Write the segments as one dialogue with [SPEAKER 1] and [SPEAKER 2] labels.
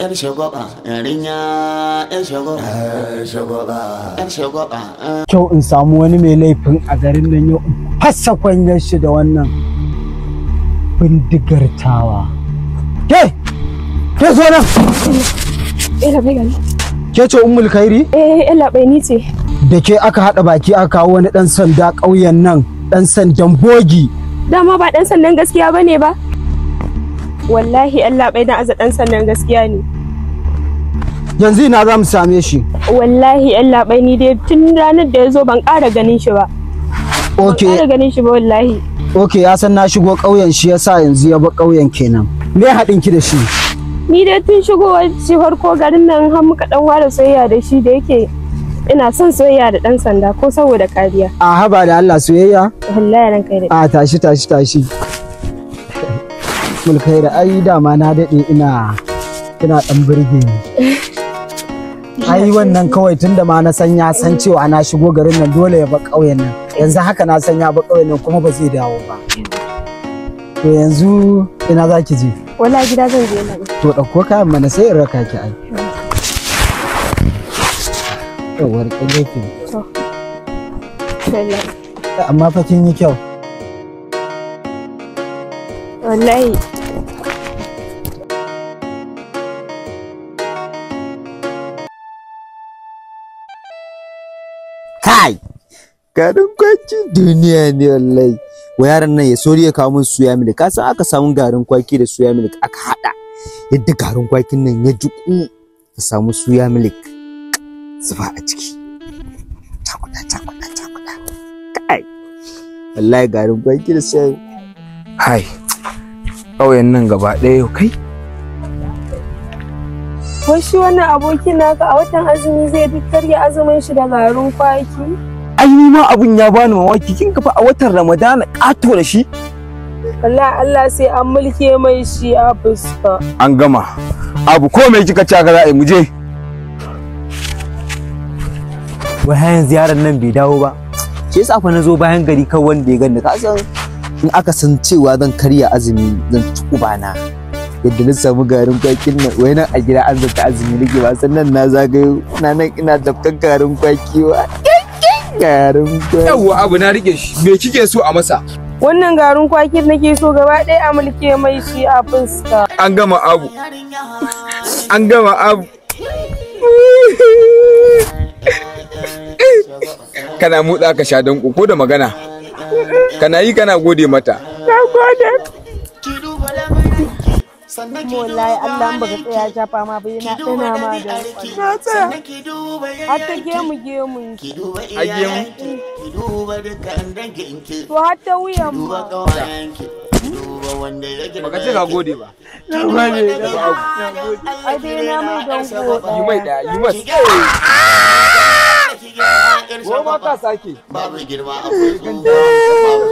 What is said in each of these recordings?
[SPEAKER 1] yar shagwaba yarinya yar shagwaba yar shagwaba
[SPEAKER 2] kyau in samu wani mai laifin a garin nan yau fassa kwanyar shi da wannan bindigar tawa ke ke zo nan eh, ke ce umul khairi eh ila eh, bai ni ce da ke aka hada baki aka kawo wani dan sanda ƙauyen nan dan sandan bogi dama ba dan sandan gaskiya bane ba wallahi Allah bai na aza dan sannan gaskiya ne yanzu ina za mu same shi wallahi Allah bai ni dai tun ranar da ya zo ban ƙara ganin shi ba okay ban kara ganin shi ba wallahi okay ya san na shigo ƙauyen shi yasa yanzu ya bar ƙauyen kenan me haɗin ki da shi ni dai tun shigowar shi farko garin nan har muka dan ware soyayya da shi da yake ina son soyayya da dan sanda ko saboda kariya a haba da Allah soyayya wallahi ran kai da a tashi tashi tashi mulkaira ai dama na daɗe ina ina ɗan birge ni
[SPEAKER 1] ai wannan
[SPEAKER 2] kawai tunda ma na san ya san cewa na shigo garin nan dole ya ba ƙauyen nan yanzu haka na san ya ba ƙauyen nan kuma ba zai dawo ba to yanzu ina za ki je
[SPEAKER 3] wala gida zan je nan
[SPEAKER 2] to ɗauko kayan mana sai in raka ki ai yawar ƙarfi ki amma fa kin yi kyau wallahi kai garin kwaki duniya ne wallahi wa yaran nan ya sori ya kawo min suya milik ka san aka samu garin kwaki da suya milik aka hada yadda garin kwakin nan ya ku ka samu suya milik zuba a ciki takuda takuda takuda kai wallahi garin kwaki da suya
[SPEAKER 3] hai ƙauyen nan gaba ɗaya kai Wai shi wannan aboki naka a watan azumi zai duk karya azumin shi da garin kwaki?
[SPEAKER 2] Ai ma abun ya bani mamaki kin kafa a watan Ramadana ƙato da shi. Allah Allah sai an mulke mai shi a fuska.
[SPEAKER 3] An gama. Abu ko mai kika caka za a yi mu je. Wai hayan
[SPEAKER 2] ziyarar nan bai dawo ba. Ke yasa fa na zo bayan gari kan wanda ya ganni ka san in aka san cewa zan karya azumi zan ci bana. yadda na samu garin kwakin nan wai nan a gida an zata azumi nake ba sannan na zagayo na nan ina tafkan garin kwaki wa
[SPEAKER 3] garin kwaki yawa abu na rike shi me kike so a masa
[SPEAKER 2] wannan garin kwakin nake so gaba ɗaya a mulke mai shi a fuska
[SPEAKER 3] an gama abu an gama abu kana motsa ka sha danko ko da magana kana yi kana gode mata na
[SPEAKER 1] gode sannan ki duba Allah ba ka tsaya ta fama ba yana ina ma da na a ta gemu gemu to har ta wuyan
[SPEAKER 2] yake ba ka ce ka gode ba na gode na
[SPEAKER 3] gode na mai yi mai yi mai ka sake babu girma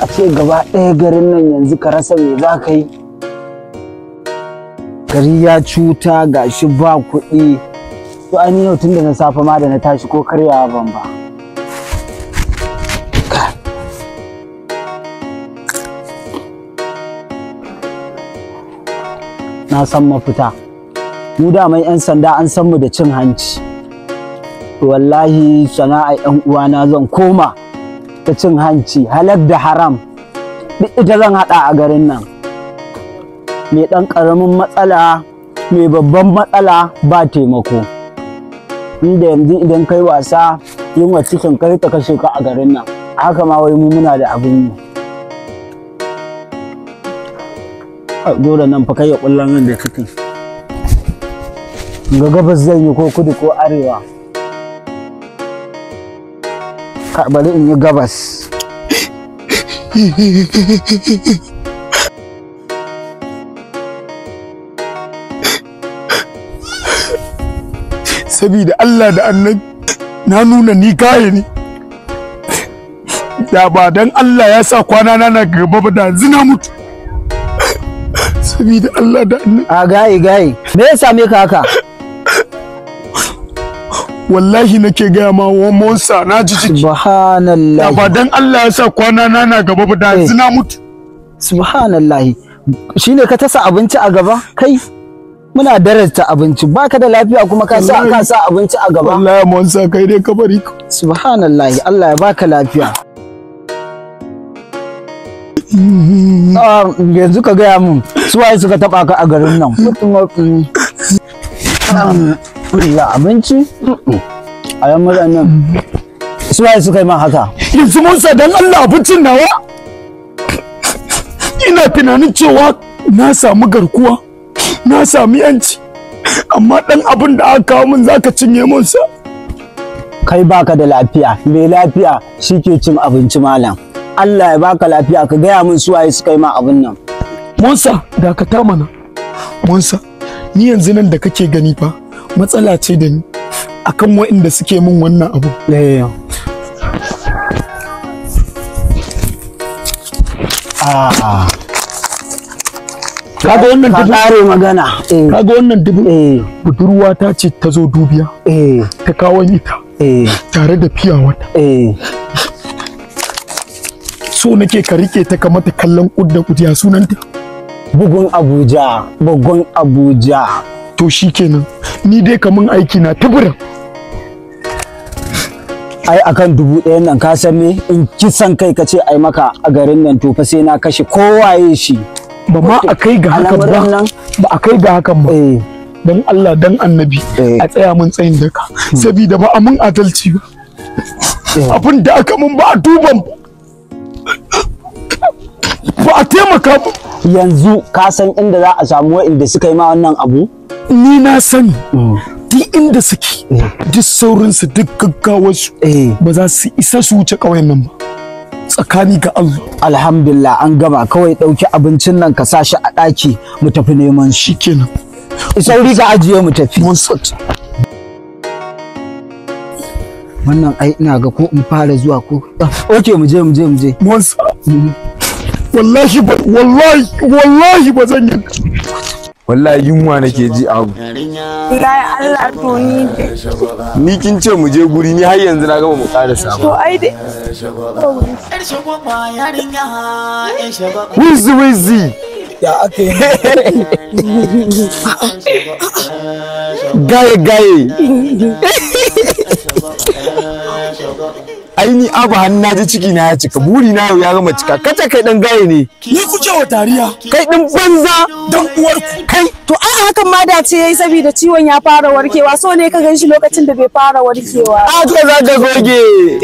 [SPEAKER 2] a ce gaba ɗaya garin nan yanzu ka rasa me za ka yi gari ya cuta shi ba kuɗi to an yau tun da na safe ma da na tashi ko karyawa ban ba na san mafita mu mai 'yan sanda an san mu da cin hanci to wallahi sana'a 'yan uwana zan koma ta cin hanci halar da haram duk ita zan haɗa a garin nan mai ɗan karamin matsala mai babban matsala ba taimako inda yanzu idan kai wasa yunwa cikin kai ta kashe ka a garin nan haka ma wai mu muna da abin yi dole nan fa kai ya kullan da kake ga gabas zan yi ko kudu ko arewa bari in yi gabas
[SPEAKER 1] sabida Allah da annan na nuna ni kaye ne da ba don Allah ya sa kwana na na gaba ba da zina mutu sabida Allah da annan. a gaye gaye me ya same ka haka wallahi nake gaya ma wa monsa na ji ciki subhanallah ba dan Allah ya sa kwana na na gaba ba da zina eh. mutu
[SPEAKER 2] subhanallah shine ka tasa abinci a gaba kai muna darajta abinci baka da lafiya kuma ka sa ka sa abinci a gaba wallahi monsa kai dai ka subhanallah Allah ya baka lafiya mm-hmm. ah, yanzu ka gaya min suwaye suka taba ka a garin nan mm. kurewa abinci a yan mutanen
[SPEAKER 1] su waye su yi ma haka yanzu musa don allah abincin nawa ina tunanin cewa na samu garkuwa na sami yanci amma dan abin da aka kawo min zaka cinye mun sa
[SPEAKER 2] kai baka da lafiya mai lafiya shike cin abinci malam Allah ya baka lafiya ka gaya min su waye su
[SPEAKER 1] yi ma abin nan Musa dakata mana Musa ni yanzu nan da kake gani fa matsala ce da ni akan waɗanda suke min wannan abu eh. ah. kaga eh. wannan dubu kare eh. magana kaga wannan dubu budurwa ta ce ta zo dubiya ta kawo ita tare da fiya wata so nake ka rike ta ka mata kallon kudda kudiya sunanta bugun abuja bugun abuja to shi kenan ni dai kaman aiki na taburin ai
[SPEAKER 2] akan dubu ɗayan nan ka san me in ki san kai ka ce ai maka a garin nan to fa sai na kashe
[SPEAKER 1] kowaye shi ba ma a kai ga hakan ba ba a kai ga hakan ba eh. dan Allah dan annabi eh. a tsaya mun tsayin daka hmm. saboda ba a mun adalci ba eh. abin da aka mun ba a duban ba a
[SPEAKER 2] taimaka ba yanzu ka san inda za a samu wa'inda suka yi ma wannan abu ni
[SPEAKER 1] na sani mm. duk inda suke mm. duk saurinsu duk gaggawarsu eh. ba za su isa su wuce ƙauyen nan ba tsakani ga Allah. Alhamdulillah an gama kawai
[SPEAKER 2] ɗauki abincin nan ka sa shi a ɗaki mu tafi neman shi kenan. Sauri ga ajiye mu tafi. Wannan ai ina ga ko in fara zuwa ko. Oke mu je mu je mu je. wallahi
[SPEAKER 1] ba wallahi wallahi ba zan yi wallahi yunwa nake ji abu
[SPEAKER 2] ya
[SPEAKER 1] Allah to ni
[SPEAKER 3] ni kin ce mu je guri ni har yanzu na gama mu kada samu to ai dai
[SPEAKER 2] wizi
[SPEAKER 1] wizi ya ake gaye gaye Aini abu hannu na ji ciki na ya cika buri na yau ya gama cika kace kai dan gaye ne ni ku wa tariya kai din banza dan uwarku kai to a hakan ma da ce yayi saboda
[SPEAKER 2] ciwon ya fara warkewa so ne ka ganshi lokacin da bai fara warkewa a to za ka goge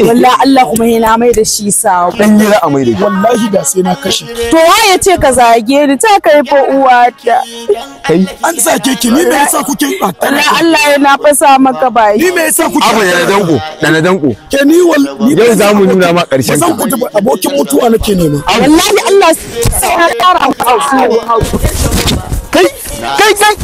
[SPEAKER 1] wallahi Allah kuma yana mai da shi sa dan yi ra'a mai da wallahi da sai na kashe
[SPEAKER 2] to waye ce ka zage ni ta kai fa uwa ta kai an
[SPEAKER 1] sake ki ni me yasa kuke
[SPEAKER 2] wallahi Allah yana fasa maka bai ni me yasa
[SPEAKER 1] kuke abu da danko da danko ke ni wallahi yau za mu nuna ma karshen ka abokin mutuwa nake nema wallahi Allah sai ya fara hausu kai kai can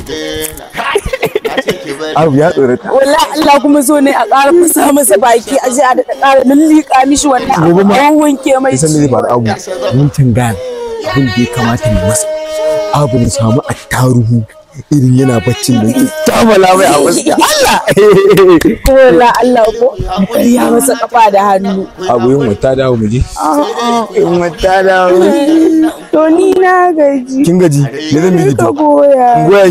[SPEAKER 1] abu ya tsorata wallahi
[SPEAKER 2] Allah kuma so ne a ƙara kusa masa baki a ji a da ƙara lullika mishi wannan abu an wanke mai shi sai ba abu
[SPEAKER 1] mun tangana abin da ya kamata mu masa abu ne samu attaruhu irin yana baccin da ke
[SPEAKER 2] tamala mai a wasu
[SPEAKER 3] Allah ko
[SPEAKER 1] Allah ko ya masa kafa da hannu
[SPEAKER 3] abu yin wata dawo mu ji
[SPEAKER 1] yin wata dawo to ni na gaji kin gaji ne zan miji to in goya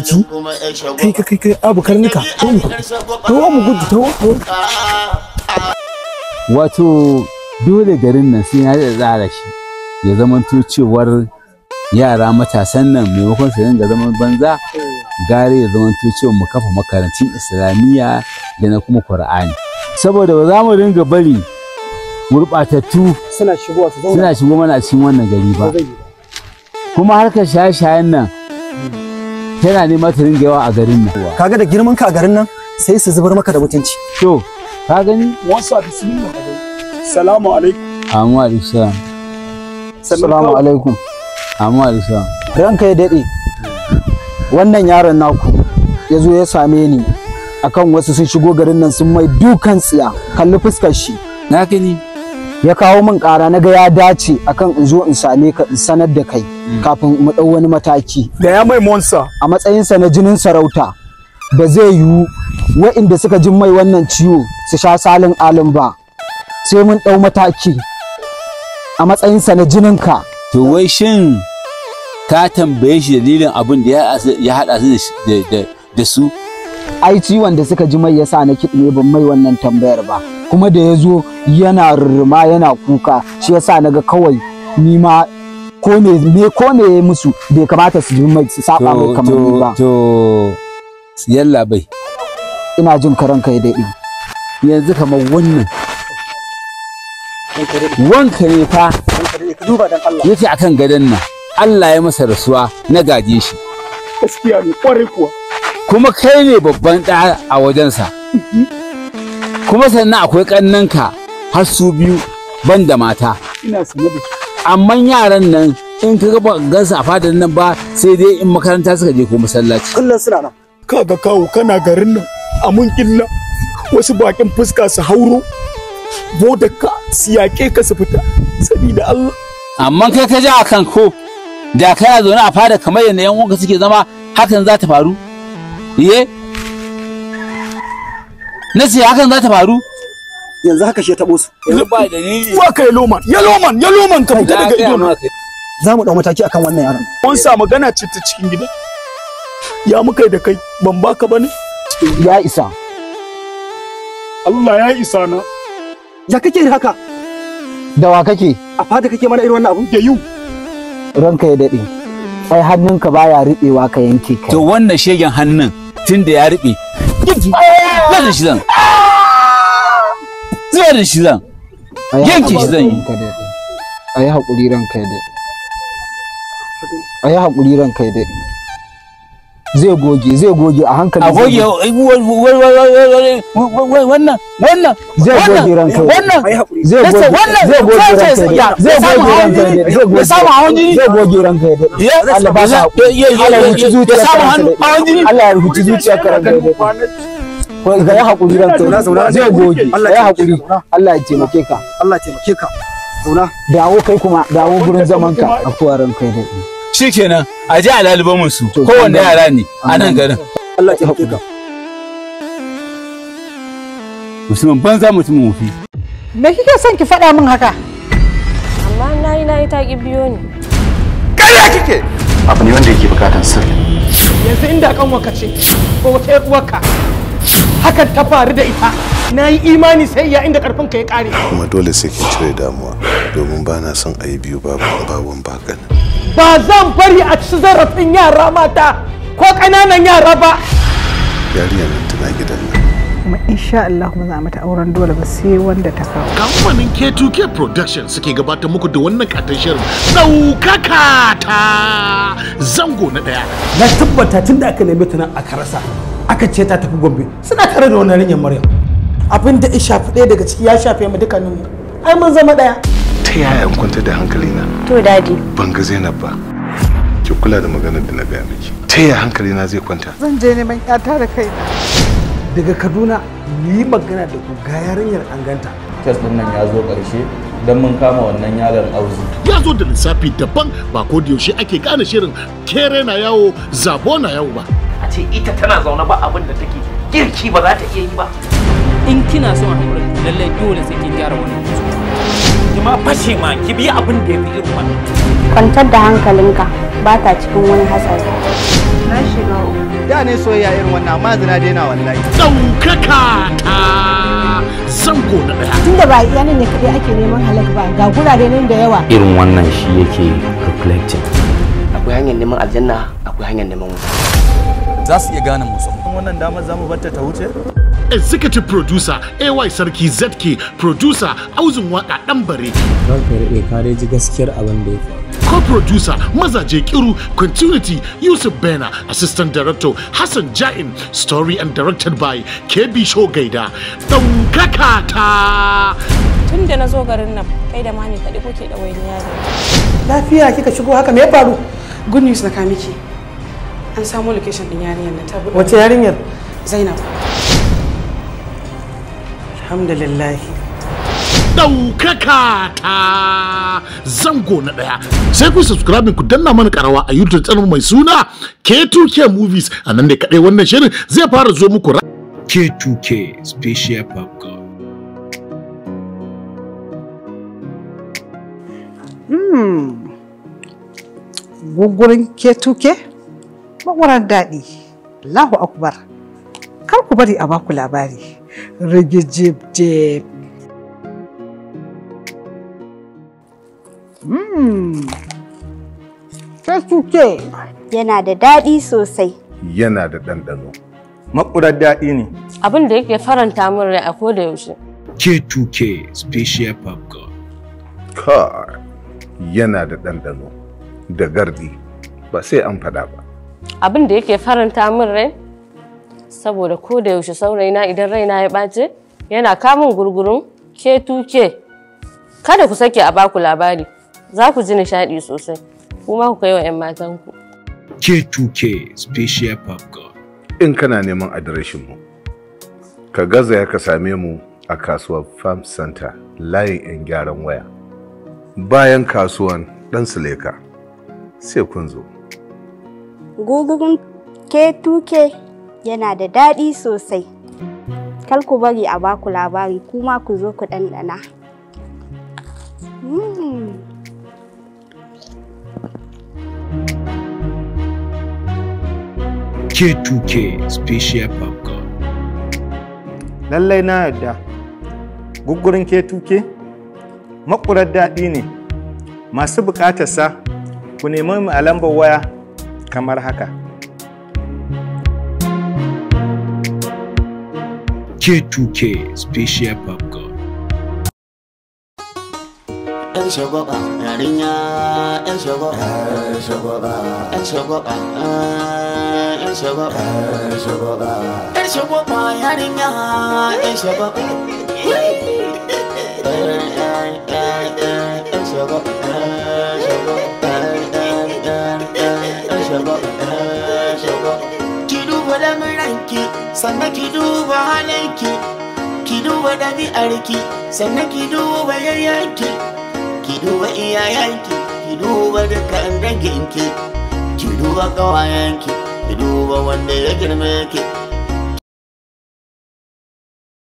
[SPEAKER 1] ki kai kai kai abu karnuka to mu mu gudu to
[SPEAKER 3] wato dole garin nan sai ya tsara shi ya zamanto cewar yara matasan nan maimakon su dinga zaman banza gare ya zama cewa mu kafa makarantun islamiyya da na kuma qur'ani saboda ba za mu dinga bari gurɓatattu suna shigo suna shigo mana a cikin wannan gari ba kuma harkar shaye-shayen nan tana nema ta dinga yawa a garin nan kaga da girman ka a garin nan sai su zubar maka da mutunci to ka gani wasu a bismillah
[SPEAKER 2] salamu alaikum amma alaikum salamu alaikum amma alisa ranka ya daɗe wannan yaron naku ya zo ya same ni akan wasu sun shigo garin nan sun mai dukan tsiya kalli fuskar shi na gani ya kawo min ƙara na ga ya dace akan in zo in same ka in sanar da kai hmm. kafin mu ɗau wani mataki da ya mai monsa a matsayinsa na jinin sarauta ba zai yiwu wa'inda suka jin mai wannan ciwo su sha salin alin ba sai mun ɗau mataki a matsayinsa na jinin ka.
[SPEAKER 3] to wai shin ka tambaye shi dalilin abin da ya haɗa su da su
[SPEAKER 2] ai ciwon da suka ji mai yasa na kiɗe ban mai wannan tambayar ba kuma da ya zo yana rurruma yana kuka shi ya sa na ga kawai ni ma ko ne me ko musu bai kamata su ji mai su saba mai kamar ni ba
[SPEAKER 3] to yalla bai ina jin karan kai dai yanzu kamar wannan wanka ne fa ranka ka akan gadon nan Allah ya masa rasuwa na gaje shi gaskiya ne kuma kai ne babban ɗa a wajensa mhm. kuma sannan akwai ka har su biyu ban da mata ina sanar amma yaran nan in ka ga gansa a fadar nan ba sai dai in makaranta suka je ko masallaci kullum suna nan ga kawo kana garin nan a mun killa wasu bakin fuska su hauro bodaka Siyaƙe ka su fita saboda Allah amma kai ka ji akan ko da a zaune a fada kamar yadda yan uwanka suke zama hakan za ta faru ye na siya hakan za ta faru yanzu haka shi ya taɓo su
[SPEAKER 1] yanzu ba dalili wa kai loman ya loman ya loman ka fita daga idon za mu ɗau mataki akan wannan yaron mun sa magana ce ta cikin gida ya muka da kai ban baka bane ya isa Allah ya isa na Ya
[SPEAKER 2] kake yin haka? Da wa kake? A fada kake mana irin wannan abu? Da yu. Ranka
[SPEAKER 3] ya daɗe. Ai hannunka baya riɓewa ka yanke kai. To wannan shegen hannun tun da ya riɓe. Zuwa da shi zan. Zuwa da shi zan. Yanke shi zan yi. A
[SPEAKER 2] haƙuri ranka ya daɗe. A yi haƙuri ranka ya daɗe. zai goge zai goge a hankali a
[SPEAKER 3] goge wannan wannan zai goge ranka wannan zai goge wannan zai goge ranka zai goge ranka zai goge samu goge
[SPEAKER 2] ranka zai goge ranka Allah ba sa Allah ya zuciya
[SPEAKER 1] Allah ya zuciya
[SPEAKER 2] ko ga ya hakuri ranka zai goge ya hakuri Allah ya taimake ka Allah ya taimake ka dawo kai kuma dawo gurin zaman ka a kuwaran kai dai
[SPEAKER 3] kenan a je a lalubo su kowanne yara ne a nan garin Allah ya haƙuka musulman banza mutumin wufi
[SPEAKER 2] me kike son ki faɗa min haka
[SPEAKER 3] amma na yi na yi ta biyo ni
[SPEAKER 1] ƙarya kike abu ne wanda yake bukatan sirri yanzu inda kan waka ce ko wata yar uwarka hakan ta faru da ita na yi imani sai ya inda karfin ka ya kare kuma dole sai k'i cire damuwa domin ba na son a yi biyu babu babun bakan ba zan bari a ci zarafin yara mata ko ƙananan yara ba yariya nan tana gidan nan
[SPEAKER 2] kuma insha Allah kuma za mata auren dole ba sai wanda ta kawo
[SPEAKER 1] kamfanin K2K production suke gabatar muku da wannan katon shirin ɗaukaka ta zango na ɗaya na tabbata tun da aka neme ta nan aka rasa aka ce ta tafi Gombe suna tare da wannan rinyar Maryam abin da ya shafi ɗaya daga ciki ya shafe mu dukkaninmu ai mun zama ɗaya ta yaya in kwantar da hankalina to dadi ban ga zainab ba ki kula da maganar da na gaya miki ta yaya hankalina zai kwanta zan je neman yata da kai daga kaduna ni magana da ku ga yarinyar an ganta kes din nan ya zo ƙarshe don mun kama wannan yaron auzu ya zo da lissafi daban ba ko da yaushe ake gane shirin kere na yawo zabo na yawo ba a ce ita tana zaune ba abin da take girki ba za ta iya yi ba in kina son haƙurin lallai dole sai kin gyara
[SPEAKER 2] wannan ki ma fashe ma ki bi abin da ya fi irin wannan
[SPEAKER 3] kwantar da hankalinka ba ta cikin wani hatsari na
[SPEAKER 1] shiga da ne soyayya irin wannan amma zina daina wallahi daukaka ta zango na daya tunda ba iya
[SPEAKER 2] nan ne kaɗai ake neman halak ba ga gurare nan da yawa
[SPEAKER 1] irin wannan shi yake reflecting akwai hanyar neman aljanna akwai hanyar neman wuta za su iya gane musu wannan damar za mu batta ta wuce executive producer ay sarki zk producer auzun waka dan bare ranka ya ji gaskiyar abin da co-producer mazaje kiru continuity yusuf bena assistant director hassan jain story and directed by kb shogaida ɗaukaka ta tun da na zo garin nan kai da mami kaɗai kuke da wani yaro lafiya kika shigo haka me ya faru good news na kamiki an samu location din yarinyar na ta wace yarinyar
[SPEAKER 2] zainab
[SPEAKER 1] alhamdulillah ɗaukaka ta zango na ɗaya sai ku subscribe ku danna mana karawa a youtube channel mai suna k2k movies a nan da kaɗai wannan shirin zai fara zo muku k2k special popcorn
[SPEAKER 3] Hmm.
[SPEAKER 2] Gugurin K2K? Magwaran daɗi. Allahu Akbar. Kar ku bari a baku labari. rigijibje
[SPEAKER 3] hmm. suke yana da daɗi sosai
[SPEAKER 1] yana da ɗanɗano makurar daɗi ne
[SPEAKER 3] abin da yake
[SPEAKER 2] faranta min rai a koda yaushe
[SPEAKER 1] K2K Special Popcorn. Car yana da ɗanɗano da gardi ba sai an faɗa ba.
[SPEAKER 2] Abin da yake faranta min rai saboda ko da yaushe saurayina idan raina ya ɓace yana kamun gurgurun ke tuke kada ku sake a baku labari za ku ji nishaɗi sosai kuma ku kai
[SPEAKER 3] wa 'yan matanku.
[SPEAKER 1] K2K Special Pop In kana neman adireshin mu, ka gaza ya ka same mu a kasuwar Farm Center layin 'yan gyaran waya. Bayan kasuwan dan Suleka, sai kun zo.
[SPEAKER 3] Gugugun K2K yana da daɗi sosai. Kar ku bari a baku labari kuma ku zo ku ɗanɗana.
[SPEAKER 1] K2K hmm. Special Popcorn. Lallai na yarda, guggurin K2K makurar daɗi ne, masu buƙatarsa ku nemi mu a lambar waya kamar haka. K2K Special Pop God. sannan ki duba halanki ki duba ɗabi'arki sannan ki duba yayyanki ki duba iyayenki ki duba dukkan danginki
[SPEAKER 3] ki duba kawayenki ki duba wanda ya girme ki